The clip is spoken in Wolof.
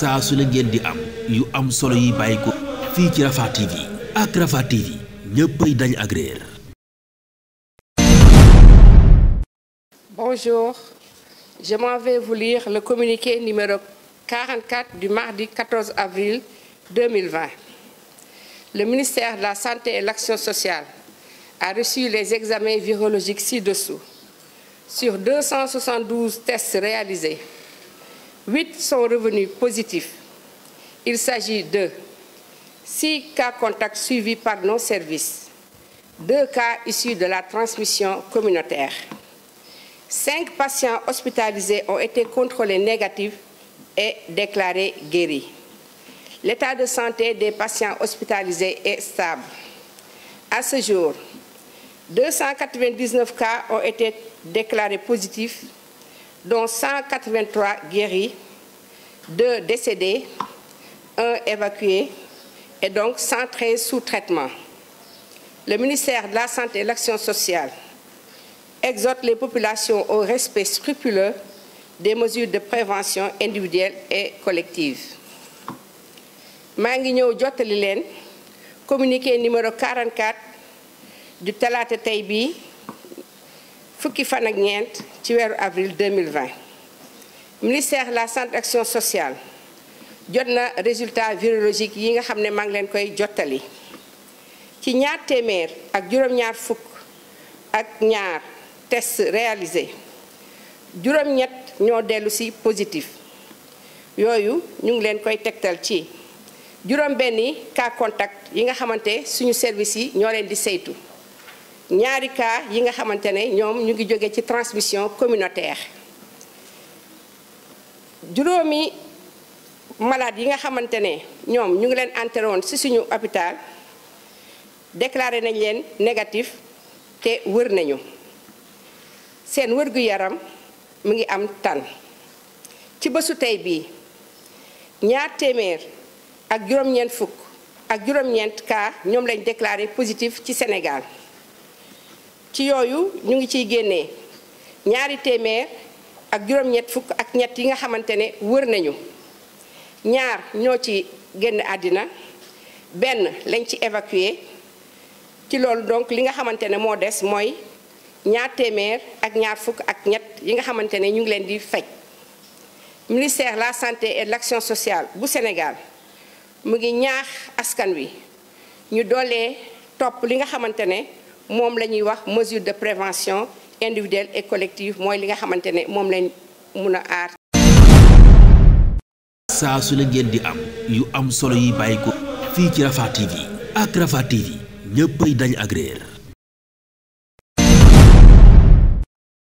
saa su ne ngeen di am yu am solo yi bàyyi ko fii ci Rafah TV ak Rafah TV ñëppay dañ ak réer Bonjour, je m'en vais le ministère de la Santé et de l'Action sociale a reçu les examens virologiques ci-dessous. Sur tests réalisés, 8 sont revenus positifs. Il s'agit de 6 cas contacts suivis par nos services, 2 cas issus de la transmission communautaire. 5 patients hospitalisés ont été contrôlés négatifs et déclarés guéris. L'état de santé des patients hospitalisés est stable. À ce jour, 299 cas ont été déclarés positifs, dont 183 guéris deux décédés, un évacué et donc 113 sous Le ministère la Santé l'Action sociale exhorte les populations au respect scrupuleux des mesures de prévention individuelle et collective. maa ngi ñëw jottali leen communiqué numéro 44 du talaata tey bii fukki fan ak ñeent ci weeru avril 2020. ministère la sent action sociale jot na résultat virologique yi nga xam ne maa ngi leen koy jottali ci ñaar téeméer ak juróom-ñaar fukk ak ñaar test réalisé juróom-ñett ñoo dellu si positif yooyu ñu ngi leen koy tegtal ci juróom-benni cas contact yi nga xamante suñu service yi ñoo leen di saytu ñaari cas yi nga xamante ne ñoom ñu ngi jóge ci transmission communautaire. juróomi malaat yi nga xamante ne ñoom ñu ngi leen enterré ci suñu hôpital déclaré nañ leen négatif te wër nañu seen wër-gu-yaram mu ngi am tànn ci bésu tey bii ñaar téeméer ak juróom-ñeent fukk ak juróom-ñeent cas ñoom lañ déclaré positif ci Sénégal ci yooyu ñu ngi ciy génnee ñaari téeméer ak juróom-ñett fukk ak ñett yi nga xamante ne wër nañu ñaar ñoo ci génn àddina benn lañ ci évacué ci loolu donc li nga xamante ne moo des mooy ñaar téeméer ak ñaar fukk ak ñett yi nga xamante ne ñu ngi leen di faj ministère la santé et de l'action sociale bu Sénégal mu ngi ñaax askan wi ñu doolee topp li nga xamante ne moom la ñuy wax mesure de prévention individuelle et collective mooy li nga xamante ne moom lañ mun a aar. saa su la ngeen di am yu am solo yuy bàyyi ko fii ci Rafah TV ak Rafah TV ñëppay dañ agréer